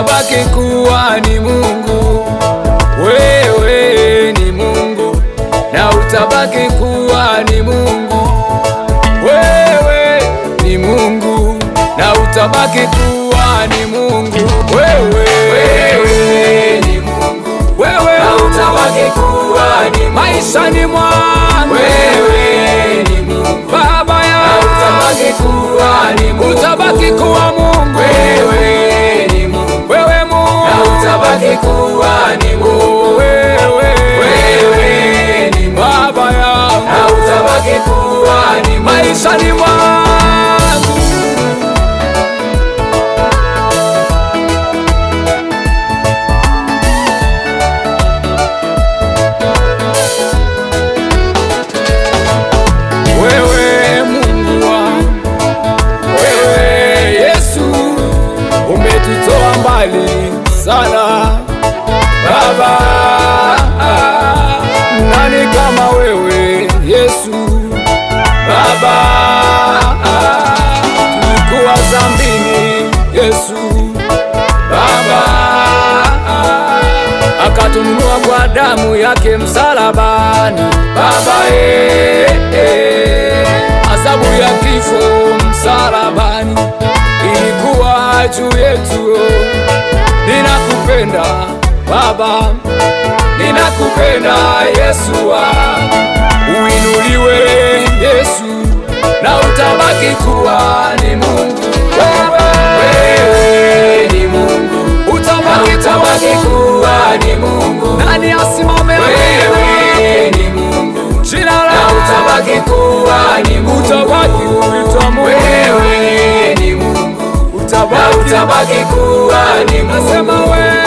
ukabaki kuwa ni Mungu, wewe ni Mungu na utabaki kuwa ni Mungu, wewe ni Mungu na utabaki kuwa ni Mungu, wewe ni Mungu, wewe utabaki kuwa ni Mungu. maisha ni mwa haki kuwa ni Mungu wewe, wewe ni baba yangu, na utabaki kuwa ni maisha ni mwangu. wangu, sana Baba, nani kama wewe Yesu Baba, nikuwa zambini Yesu Baba, akatununua kwa damu yake msalabani Baba, eh, eh, adhabu ya kifo msalabani ilikuwa juu yetu oh ninakupenda Baba, ninakupenda Yesu, uinuliwe Yesu, na utabaki kuwa ni Mungu wewe, ni Mungu, utabaki utabaki kuwa ni Mungu. Nani asimame? Wewe ni Mungu, jina la utabaki kuwa ni Mungu, utabaki kuitwa Mungu, wewe ni Mungu, utabaki utabaki kuwa ni Mungu, nasema wewe